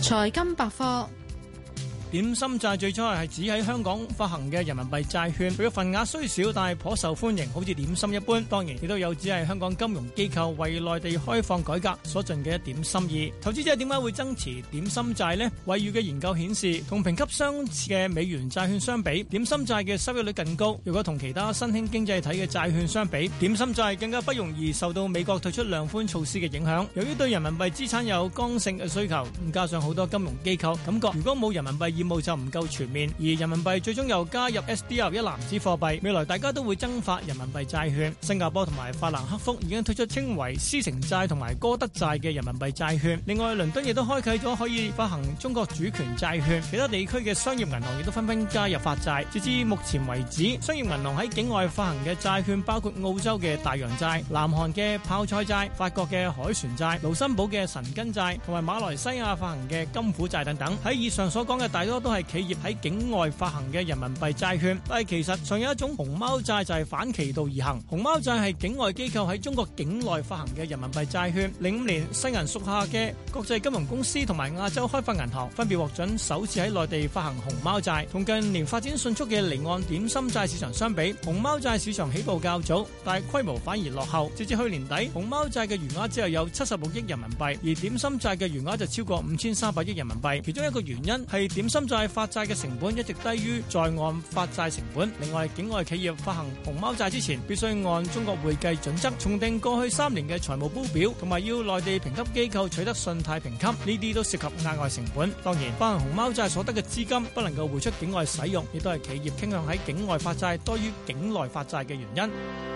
財金百科。點心債最初係指喺香港發行嘅人民幣債券，佢嘅份額雖小，但係頗受歡迎，好似點心一般。當然，亦都有指係香港金融機構為內地開放改革所盡嘅一點心意。投資者點解會增持點心債呢？惠譽嘅研究顯示，同評級相似嘅美元債券相比，點心債嘅收益率更高。如果同其他新興經濟體嘅債券相比，點心債更加不容易受到美國退出量寬措施嘅影響。由於對人民幣資產有剛性嘅需求，加上好多金融機構感覺，如果冇人民幣，冇就唔夠全面，而人民幣最終又加入 SDR 一籃子貨幣。未來大家都會增發人民幣債券。新加坡同埋法蘭克福已經推出稱為獅城債同埋歌德債嘅人民幣債券。另外，倫敦亦都開啓咗可以發行中國主權債券。其他地區嘅商業銀行亦都紛紛加入發債。截至目前為止，商業銀行喺境外發行嘅債券包括澳洲嘅大洋債、南韓嘅泡菜債、法國嘅海船債、盧森堡嘅神根債同埋馬來西亞發行嘅金虎債等等。喺以上所講嘅大多。多都係企業喺境外發行嘅人民幣債券，但係其實仲有一種熊貓債就係反其道而行。熊貓債係境外機構喺中國境內發行嘅人民幣債券。零五年，西銀屬下嘅國際金融公司同埋亞洲開發銀行分別獲准首次喺內地發行熊貓債。同近年發展迅速嘅離岸點心債市場相比，熊貓債市場起步較早，但係規模反而落後。直至去年底，熊貓債嘅餘額只係有七十六億人民幣，而點心債嘅餘額就超過五千三百億人民幣。其中一個原因係點心。債發債嘅成本一直低於在岸發債成本。另外，境外企業發行熊貓債之前，必須按中國會計準則重定過去三年嘅財務報表，同埋要內地評級機構取得信貸評級，呢啲都涉及額外成本。當然，發行熊貓債所得嘅資金不能夠匯出境外使用，亦都係企業傾向喺境外發債多於境內發債嘅原因。